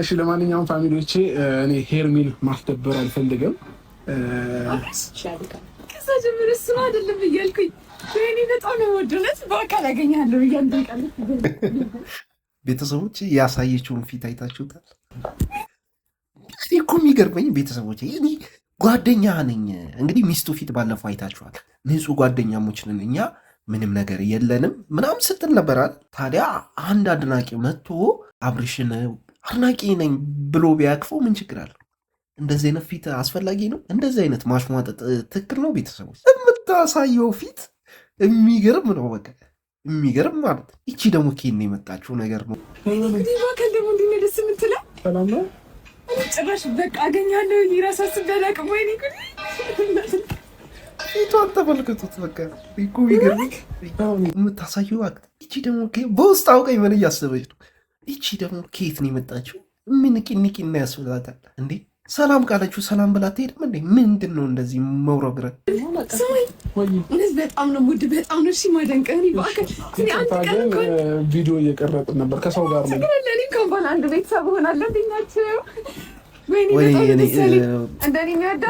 እሺ ለማንኛውም ፋሚሊዎቼ እኔ ሄርሚል ማስደበር አልፈልግም። ከዛ ጀምር እሱ አይደለም እያልኩኝ እኔ በጣም ወደለት በአካል ያገኛለሁ እያንጠቀል ቤተሰቦች ያሳየችውን ፊት አይታችሁታል። እኔ እኮ የሚገርመኝ ቤተሰቦች እኔ ጓደኛ ነኝ እንግዲህ ሚስቱ ፊት ባለፈው አይታችኋል። ንጹህ ጓደኛሞች ነን እኛ ምንም ነገር የለንም ምናምን ስትል ነበራል። ታዲያ አንድ አድናቂ መጥቶ አብርሽን አድናቂ ነኝ ብሎ ቢያቅፈው ምን ችግር አለ? እንደዚህ አይነት ፊት አስፈላጊ ነው? እንደዚህ አይነት ማሽሟጠጥ ትክክል ነው? ቤተሰቦች የምታሳየው ፊት የሚገርም ነው። በቃ የሚገርም ማለት ይቺ ደግሞ ኬን የመጣችው ነገር ነው። ጭራሽ በቃ አገኛለሁ ራሳስ በለቅ ወይ ፊቷን ተመልክቱት። በቃ እኮ የምታሳየው አክት። ይቺ ደግሞ በውስጥ አውቀኝ ምን እያሰበች ነው ይቺ ደግሞ ከየት ነው የመጣችው? ምን ቂኒቂ እናያስብላታል እንዴ? ሰላም ቃለችው ሰላም ብላ ትሄድም እንዴ? ምንድን ነው እንደዚህ መውረግረ? በጣም ነው ሙድ፣ በጣም ነው ሲማደንቀ ቪዲዮ እየቀረጥን ነበር ከሰው ጋር ነው ባል አንድ ቤተሰብ ሆናለሁ ናቸው።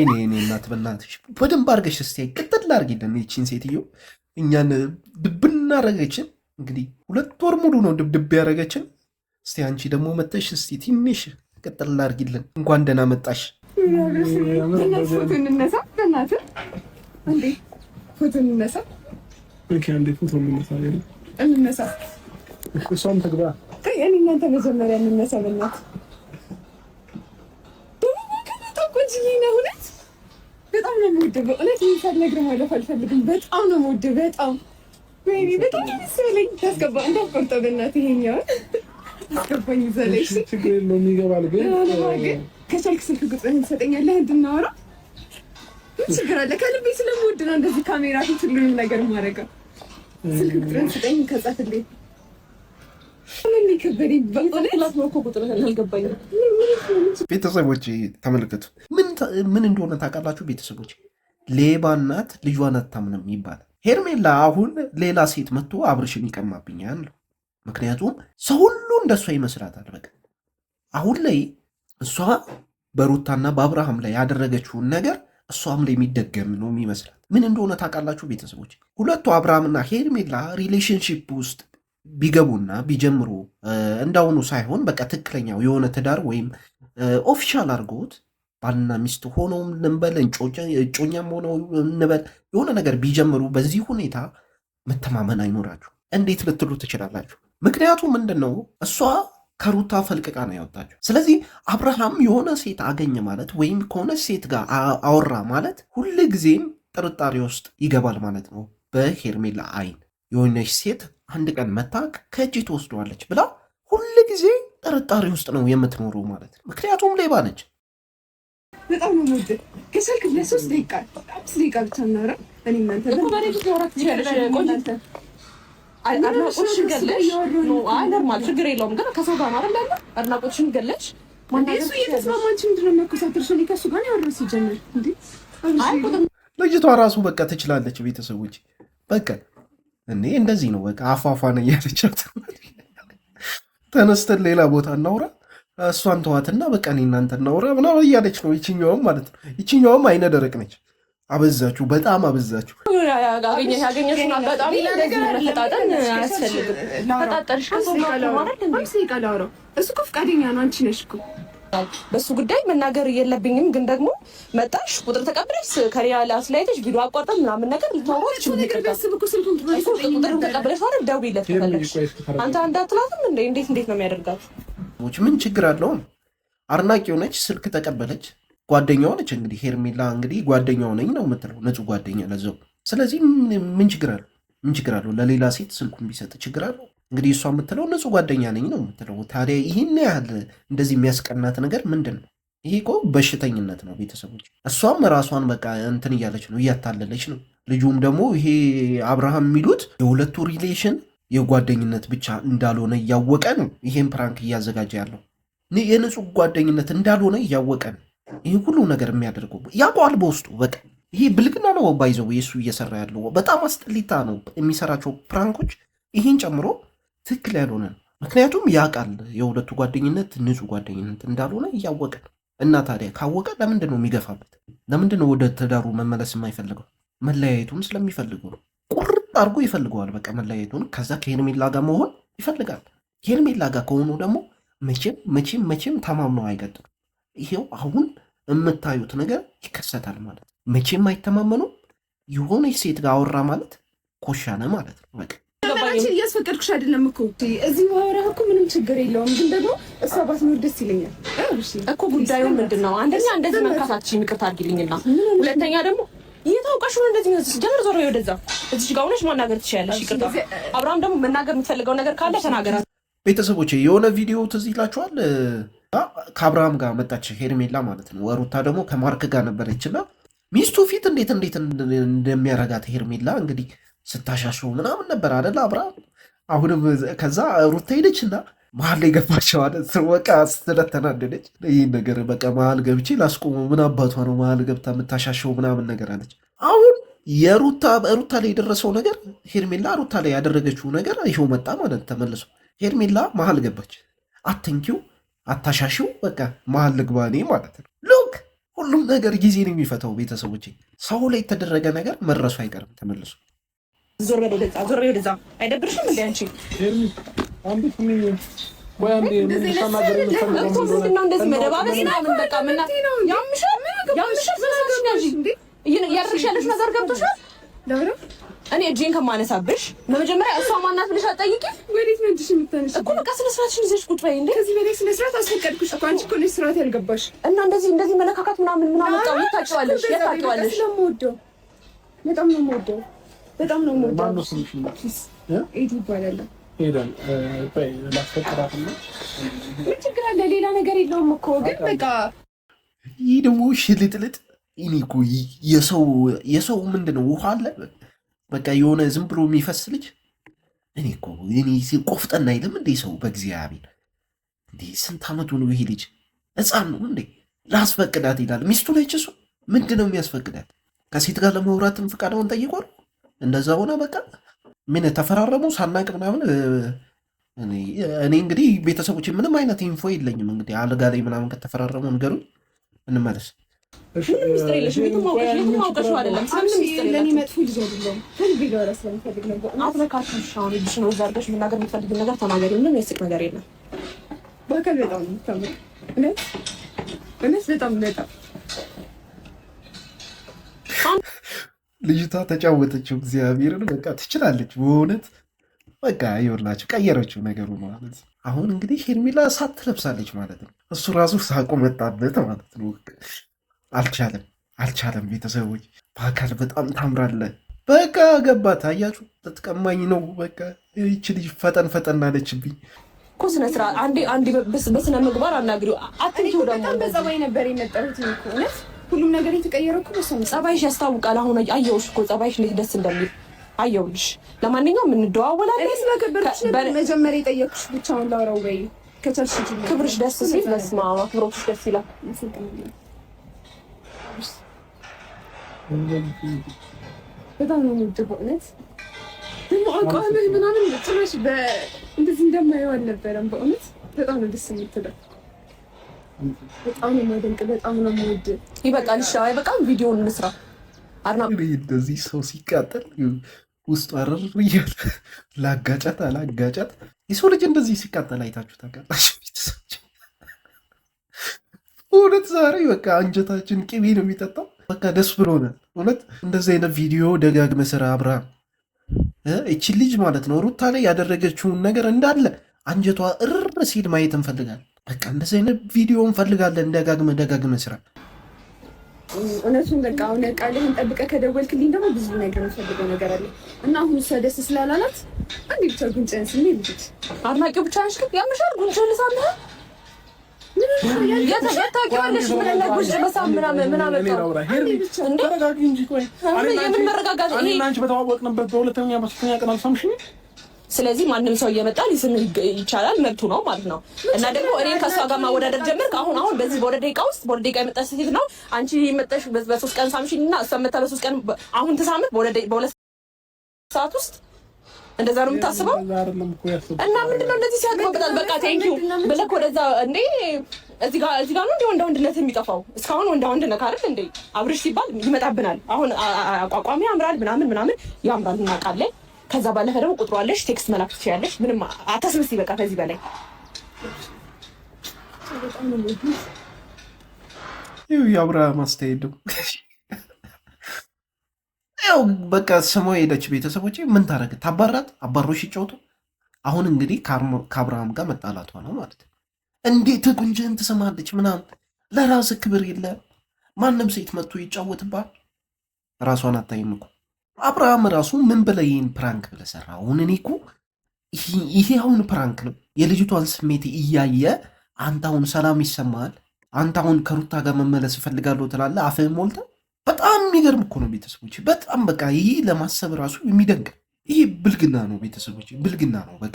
ወይኔ እናት በናትሽ በደንብ አድርገሽ እስቲ ቅጥል አድርጊልን ይቺን ሴትዮ እኛን ድብና አደረገችን። እንግዲህ ሁለት ወር ሙሉ ነው ድብድብ ያደረገችን። እስቲ አንቺ ደግሞ መተሽ እስቲ ትንሽ ቅጥል አድርጊልን። እንኳን ደህና መጣሽ። ፎቶ እናንተ በጣም ነው የምወደው። በእውነት ሳልነግርህ ማለፍ አልፈልግም። በጣም ነው የምወደው። በጣም ወይኔ፣ በጣም ደስ ያለኝ። ታስገባ እንዳትቆርጠው በእናትህ ይሄኛውን አስገባኝ ችግር የለውም ግን ከቻልክ ስልክ ቁጥርህን ትሰጠኛለህ እንድናወራ። ምን ችግር አለ? ከልቤ ስለምወድ ነው እንደዚህ ካሜራ ፊት ሁሉንም ነገር ማድረገው። ስልክ ቁጥርህን ስጠኝ ከጻፍልኝ። ቤተሰቦች ተመልከቱ፣ ምን እንደሆነ ታውቃላችሁ? ቤተሰቦች ሌባ እናት ልጇን አታምንም ይባላል። ሄርሜላ አሁን ሌላ ሴት መጥቶ አብርሽን ይቀማብኛል ነው ምክንያቱም ሰው ሁሉ እንደሷ ይመስላታል። በቃ አሁን ላይ እሷ በሩታና በአብርሃም ላይ ያደረገችውን ነገር እሷም ላይ የሚደገም ነው የሚመስላት። ምን እንደሆነ ታውቃላችሁ ቤተሰቦች? ሁለቱ አብርሃምና ሄርሜላ ሪሌሽንሽፕ ውስጥ ቢገቡና ቢጀምሩ እንዳሁኑ ሳይሆን በቃ ትክክለኛው የሆነ ትዳር ወይም ኦፊሻል አድርገውት ባልና ሚስት ሆነው እንበል እጮኛም ሆነው እንበል የሆነ ነገር ቢጀምሩ በዚህ ሁኔታ መተማመን አይኖራችሁ እንዴት ልትሉ ትችላላችሁ? ምክንያቱም ምንድን ነው እሷ ከሩታ ፈልቅቃ ነው ያወጣቸው። ስለዚህ አብርሃም የሆነ ሴት አገኘ ማለት ወይም ከሆነ ሴት ጋር አወራ ማለት ሁል ጊዜም ጥርጣሬ ውስጥ ይገባል ማለት ነው። በሄርሜላ አይን የሆነች ሴት አንድ ቀን መታ ከእጅ ትወስደዋለች ብላ ሁል ጊዜ ጥርጣሬ ውስጥ ነው የምትኖረው ማለት ነው። ምክንያቱም ሌባ ነች። በጣም ነው ከስልክ ለሶስት ደቂቃ ደቂቃ ብቻ እኔ እናንተ አድናቆትሽን ገለሽ ኖርማል ችግር የለውም ግን ከሰው ጋር ማረ ያለ አድናቆትሽን ገለሽ ማናሱ እየተስማማች ምንድነው የሚያኮሳትርሽ? እኔ ከሱ ጋር ያወረ ሲጀምር ልጅቷ ራሱ በቃ ትችላለች። ቤተሰቦች በቃ እኔ እንደዚህ ነው በቃ አፏፏን እያለቻት ተነስተን ሌላ ቦታ እናውራ እሷን ተዋትና በቃ እኔ እናንተ እናውራ ምናምን እያለች ነው ይችኛውም ማለት ነው። ይችኛውም አይነ ደረቅ ነች። አበዛችሁ፣ በጣም አበዛችሁ። እሱ እኮ ፈቃደኛ ነው፣ አንቺ ነሽ እኮ በእሱ ጉዳይ መናገር የለብኝም። ግን ደግሞ መጣሽ ቁጥር ተቀብለሽ ከሪያ ላስላይተሽ ቪዲዮ አቋርጠን ምናምን ነገር ልታወቅሽ ቁጥር ተቀብለሽ ሆነ ደውይለት ፈለግሽ አንተ አንድ እንዴት እንዴት ነው የሚያደርጋት? ምን ችግር አለውም? አድናቂ ሆነች፣ ስልክ ተቀበለች። ጓደኛዋ ነች እንግዲህ ሄርሜላ እንግዲህ ጓደኛው ነኝ ነው የምትለው ንጹህ ጓደኛ ለዛው። ስለዚህ ምን ችግር አለው? ምን ችግር አለው? ለሌላ ሴት ስልኩን ቢሰጥ ችግር አለው? እንግዲህ እሷ የምትለው ንጹህ ጓደኛ ነኝ ነው የምትለው። ታዲያ ይህን ያህል እንደዚህ የሚያስቀናት ነገር ምንድን ነው? ይሄ እኮ በሽተኝነት ነው ቤተሰቦች። እሷም ራሷን በቃ እንትን እያለች ነው፣ እያታለለች ነው። ልጁም ደግሞ ይሄ አብርሃም የሚሉት የሁለቱ ሪሌሽን የጓደኝነት ብቻ እንዳልሆነ እያወቀ ነው ይሄን ፕራንክ እያዘጋጀ ያለው። የንጹህ ጓደኝነት እንዳልሆነ እያወቀ ነው። ይህ ሁሉ ነገር የሚያደርገው ያውቀዋል በውስጡ በቃ ይሄ ብልግና ነው ባይዘው የሱ እየሰራ ያለው በጣም አስጠሊታ ነው የሚሰራቸው ፕራንኮች ይህን ጨምሮ ትክክል ያልሆነ ነው ምክንያቱም ያውቃል የሁለቱ ጓደኝነት ንጹህ ጓደኝነት እንዳልሆነ እያወቀ እና ታዲያ ካወቀ ለምንድን ነው የሚገፋበት ለምንድን ነው ወደ ትዳሩ መመለስ የማይፈልገው መለያየቱም ስለሚፈልገው ነው ቁርጥ አድርጎ ይፈልገዋል በቃ መለያየቱን ከዛ ከሄርሜላ ጋር መሆን ይፈልጋል ሄርሜላ ጋር ከሆኑ ደግሞ መቼም መቼም መቼም ተማምነው አይቀጥሉ ይሄው አሁን የምታዩት ነገር ይከሰታል ማለት ነው። መቼም አይተማመኑም። የሆነች ሴት ጋር አወራ ማለት ኮሻነ ማለት ነው። በቃ እያስፈቀድኩሽ አይደለም እኮ እዚህ ማወራህ እኮ ምንም ችግር የለውም፣ ግን ደግሞ እሷ ባትኖር ደስ ይለኛል እኮ። ጉዳዩ ምንድን ነው? አንደኛ እንደዚህ መንካታችን ይቅርታ አድርጊልኝና፣ ሁለተኛ ደግሞ እየታወቃሽ ሆነ እንደዚህ ነው። ጀምር ዞሮ ወደዛ እዚህ ጋር ሆነሽ ማናገር ትችያለሽ። ይቅርታ አብርሃም ደግሞ መናገር የምትፈልገው ነገር ካለ ተናገራ። ቤተሰቦቼ የሆነ ቪዲዮ ትዝ ይላችኋል ከአብርሃም ጋር መጣች ሄርሜላ ማለት ነው። ወሩታ ደግሞ ከማርክ ጋር ነበረችና ሚስቱ ፊት እንዴት እንዴት እንደሚያረጋት ሄርሜላ እንግዲህ ስታሻሸው ምናምን ነበር አደለ አብርሃም። አሁንም ከዛ ሩታ ሄደችና መሀል ላይ ገባቸው አለ በቃ ስለተናደደች ይህ ነገር በቃ መሀል ገብቼ ላስቆመው ምን አባቷ ነው መሀል ገብታ የምታሻሸው ምናምን ነገር አለች። አሁን የሩታ ሩታ ላይ የደረሰው ነገር ሄርሜላ ሩታ ላይ ያደረገችው ነገር ይኸው መጣ ማለት ተመልሶ ሄርሜላ መሀል ገባች አትንኪው አታሻሽው በቃ መሀል ልግባ እኔ ማለት ነው። ሉክ ሁሉም ነገር ጊዜ ነው የሚፈታው። ቤተሰቦች ሰው ላይ የተደረገ ነገር መድረሱ አይቀርም ተመልሶ። ዞር በል ዞር ወደዛ። አይደብርሽም እንደ አንቺ እንደዚህ እኔ እጄን ከማነሳብሽ በመጀመሪያ እሷ ማናት ብለሽ አጠይቂ። ወዴት ነው እጅሽ የምታነሺው? እኮ በቃ ስነ ስርዓትሽን ይዘሽ ቁጭ በይ እንዴ። ከዚህ በላይ ስነ ስርዓት አስፈቀድኩሽ እኮ አንቺ እኮ ነሽ ስርዓት ያልገባሽ። እና እንደዚህ እንደዚህ መለካካት ምናምን ምን አመጣው? ታውቂዋለሽ፣ ታውቂዋለሽ። ስለምወደው በጣም ነው የምወደው፣ በጣም ነው የምወደው። ማን ነው ስልሽ? ኤድ ይባላል። ሄደን በይ ላስፈቅዳት እና ምን ችግር አለ? ሌላ ነገር የለውም እኮ ግን በቃ ይህ ደግሞ ሽልጥልጥ። እኔ እኮ የሰው የሰው ምንድን ነው ውሃ አለ በቃ የሆነ ዝም ብሎ የሚፈስ ልጅ እኔ እኮ ቆፍጠን አይልም እንዴ ሰው? በእግዚአብሔር እንዴ ስንት ዓመቱ ነው ይሄ ልጅ? ህፃን ነው እንዴ? ላስፈቅዳት ይላል። ሚስቱ ላይ ችሱ ምንድን ነው የሚያስፈቅዳት? ከሴት ጋር ለመውራትም ፍቃደውን ጠይቋል። እንደዛ ሆነ በቃ ምን ተፈራረሙ ሳናቅ ምናምን። እኔ እንግዲህ ቤተሰቦች ምንም አይነት ኢንፎ የለኝም። እንግዲህ አልጋ ላይ ምናምን ከተፈራረሙ ንገሩኝ። እንመለስ ምንም ሚስጥር የለሽም። የትም አውቀሽ አይደለም። ምንም ተጫወተችው። እግዚአብሔርን በቃ ትችላለች በእውነት በቃ ይኸውላችሁ ቀየረችው ነገሩ ማለት አሁን እንግዲህ ሄርሜላ እሳት ትለብሳለች ማለት ነው። እሱ ራሱ ሳቁ መጣበት ማለት ነው። አልቻለም አልቻለም። ቤተሰቦች በአካል በጣም ታምራለ። በቃ ገባት። አያችሁ ተጥቀማኝ ነው። በቃ ይች ልጅ ፈጠን ፈጠን አለችብኝ እኮ ስነ ስርዓት አንዴ በስነ ምግባር አናግሪው። አትንኪው ደግሞ በጸባይ ነበር የመጣሁት። እውነት ሁሉም ነገር የተቀየረ እኮ በሰ ጸባይሽ ያስታውቃል። አሁን አየሁሽ እኮ ጸባይሽ እንዴት ደስ እንደሚል አየሁልሽ። ለማንኛውም እንደዋወላለን። መጀመሪያ የጠየኩሽ ብቻውን ላውራው በይ ከቻልሽ ክብርሽ ደስ ሲል መስማ ክብሮች ደስ ይላል። በጣም ነው የምወደው በእውነት ደግሞ አቋምህ ምናምን ጭራሽ እንደዚህ እንደማየው አልነበረም። በእውነት በጣም ነው ደስ የምትለው። በጣም ነው የማደንቅ፣ በጣም ነው የምወድ። ይበቃል። እሺ፣ አይበቃም? እንስራ። እንደዚህ ሰው ሲቃጠል ውስጡ አረር እያለ ላጋጫት አላጋጫት። የሰው ልጅ እንደዚህ ሲቃጠል አይታችሁ ታውቃላችሁ? እውነት ዛሬ በቃ አንጀታችን ቅቤ ነው የሚጠጣው። በቃ ደስ ብሎናል። እውነት እንደዚህ አይነት ቪዲዮ ደጋግመ ስራ አብርሃም። እቺን ልጅ ማለት ነው ሩታ ላይ ያደረገችውን ነገር እንዳለ አንጀቷ እር ሲል ማየት እንፈልጋለን። በቃ እንደዚህ አይነት ቪዲዮ እንፈልጋለን። ደጋግመ ደጋግመ ስራ እውነቱን በቃ አሁን ቃልህን ጠብቀህ ከደወልክልኝ ደግሞ ብዙ ነገር የምፈልገው ነገር አለ እና አሁን እሷ ደስ ስላላላት አንዴ ብቻ ጉንጭን ስሜ ልጅ አድናቂ ብቻ ነሽ ግን ያምሻል ጉንጭን ሳምህ ስለዚህ ማንም ሰው እየመጣ ሊስም ይቻላል፣ መብቱ ነው ማለት ነው። እና ደግሞ እኔን ከእሷ ጋር ማወዳደር ጀምር አሁን አሁን በዚህ በወደ ደቂቃ ውስጥ በወደ ደቂቃ የመጣች ሴት ነው። አንቺ መጠሽ በሶስት ቀን ሳምሽኝ እና እሷ መታ በሶስት ቀን አሁን ትሳምት በሁለት ሰዓት ውስጥ እንደዛ ነው የምታስበው። እና ምንድነው እንደዚህ ሲያግባበታል። በቃ ቴንኪው ብለክ ወደዛ እንዴ እዚህ ጋር ነው እንደ ወንድ ወንድነት የሚጠፋው። እስካሁን ወንድ ወንድ ነህ አይደል እንዴ? አብርሽ ሲባል ይመጣብናል። አሁን አቋቋሚ ያምራል ምናምን ምናምን ያምራል እናውቃለን። ከዛ ባለፈ ደግሞ ቁጥሩ አለሽ፣ ቴክስት መላክ ትችያለሽ። ምንም አታስብስ። በቃ ከዚህ በላይ ይኸው የአብርሃም አስተያየት ያው በቃ ስሞ ሄደች። ቤተሰቦች ምን ታደረግ? ታባራት አባሮሽ ይጫወቱ። አሁን እንግዲህ ከአብርሃም ጋር መጣላቷ ነው ማለት ነው። እንዴት ጉንጅህን ትስማለች ምናምን። ለራስ ክብር የለም። ማንም ሴት መጥቶ ይጫወትባል። ራሷን አታይም እኮ አብርሃም ራሱ ምን ብለህ ይህን ፕራንክ ብለህ ሰራህ? አሁን እኔ እኮ ይሄ አሁን ፕራንክ ነው። የልጅቷን ስሜት እያየ አንተ አሁን ሰላም ይሰማሃል? አንተ አሁን ከሩታ ጋር መመለስ እፈልጋለሁ ትላለህ፣ አፍህን ሞልተ በጣም የሚገርም እኮ ነው ቤተሰቦች፣ በጣም በቃ ይሄ ለማሰብ ራሱ የሚደንቅ ይህ ብልግና ነው ቤተሰቦች፣ ብልግና ነው በቃ።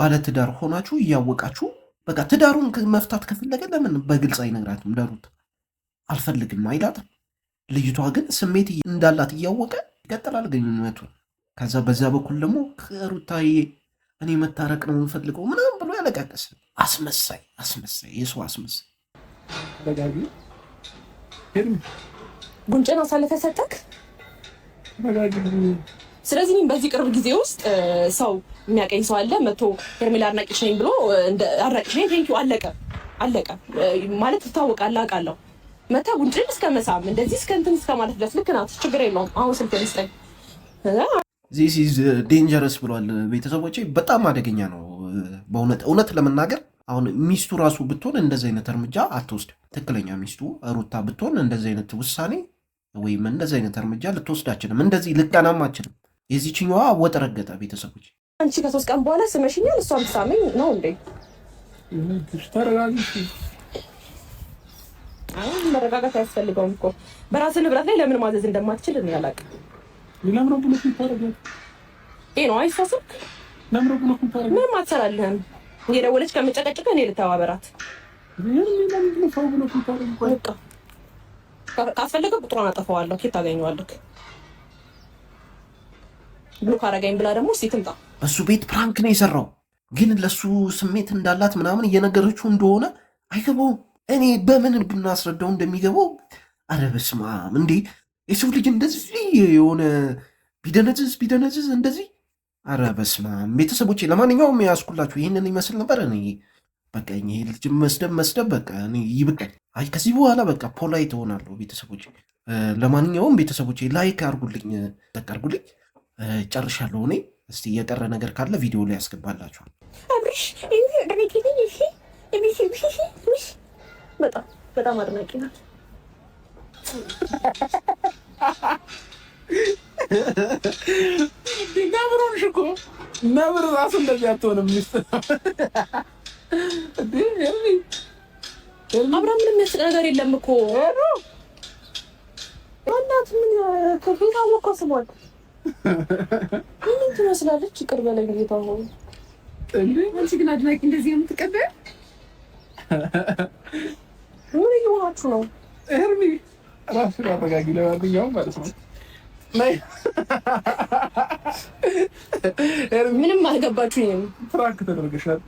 ባለትዳር ሆናችሁ እያወቃችሁ በቃ ትዳሩን መፍታት ከፈለገ ለምን በግልጽ አይነግራትም? ለሩት አልፈልግም አይላትም። ልጅቷ ግን ስሜት እንዳላት እያወቀ ይቀጥላል ግንኙነቱ። ከዛ በዛ በኩል ደግሞ ከሩታዬ እኔ መታረቅ ነው የምፈልገው ምናምን ብሎ ያለቃቀስ አስመሳይ፣ አስመሳይ፣ የሰው አስመሳይ። ጉንጭን አሳልፈ ሰጠክ። ስለዚህ በዚህ ቅርብ ጊዜ ውስጥ ሰው የሚያቀኝ ሰው አለ መቶ ሄርሜላ አድናቂሽ ነኝ ብሎ አድናቂሽ ነኝ ቴንኪው አለቀ አለቀ ማለት ትታወቃለህ አውቃለሁ መተ ጉንጭን እስከ መሳም እንደዚህ እስከ እንትን እስከ ማለት ድረስ ልክ ናት ችግር የለውም አሁን ስልክ ስጠኝ ዚስ ኢዝ ዴንጀረስ ብሏል ቤተሰቦች በጣም አደገኛ ነው በእውነት እውነት ለመናገር አሁን ሚስቱ ራሱ ብትሆን እንደዚህ አይነት እርምጃ አትወስድ ትክክለኛ ሚስቱ ሩታ ብትሆን እንደዚህ አይነት ውሳኔ ወይም እንደዚህ አይነት እርምጃ ልትወስድ አችልም እንደዚህ ልቀናም አችልም የዚችኛዋ ወጥ ረገጠ ቤተሰቦች አንቺ ከሶስት ቀን በኋላ ስመሽኛል። እሷ ብትሳመኝ ነው እንዴ? አሁን መረጋጋት አያስፈልገውም እኮ በራስ ንብረት ላይ ለምን ማዘዝ እንደማትችል እኔ አላውቅም። ነው አይሳስብክ ምንም አትሰራልህም። የደወለች ከምጨቀጭቀ እኔ ልተባበራት ካስፈለገ ቁጥሯን አጠፋዋለሁ። ኬት ታገኘዋለክ ብሎክ አረጋኝ ብላ ደግሞ እስኪ ትምጣ። እሱ ቤት ፕራንክ ነው የሰራው፣ ግን ለሱ ስሜት እንዳላት ምናምን እየነገረችው እንደሆነ አይገባውም። እኔ በምን ብናስረዳው እንደሚገባው አረ በስመ አብ እንዴ! የሰው ልጅ እንደዚህ የሆነ ቢደነዝዝ ቢደነዝዝ እንደዚህ አረ በስመ አብ። ቤተሰቦቼ ለማንኛውም ያስኩላችሁ ይህንን ይመስል ነበር። እኔ በቃ ይህ ልጅ መስደብ መስደብ በቃ እኔ ይብቃኝ። አይ ከዚህ በኋላ በቃ ፖላይት እሆናለሁ። ቤተሰቦቼ ለማንኛውም ቤተሰቦቼ ላይክ አርጉልኝ፣ ጠቅ አርጉልኝ ጨርሻለሁ እኔ። እስቲ የቀረ ነገር ካለ ቪዲዮ ላይ ያስገባላችኋል። በጣም አድናቂ ናት። ነብሩን ሽኮ ነብር ራሱ እንደዚህ አትሆንም። አብራ ምንም የሚያስቅ ነገር የለም እኮ እናት ምን ከፊት አወቀ ስሟል ምን ትመስላለች? ይቅር በለኝ ጌታ ሆይ። አንቺ ግን አድናቂ እንደዚህ ነው የምትቀበል? ምን እየሆናችሁ ነው? ሄርሚ ራሱን አረጋጊ። ለማንኛውም ማለት ነው ምንም አልገባችሁም። ፍራንክ ተደርገሻል።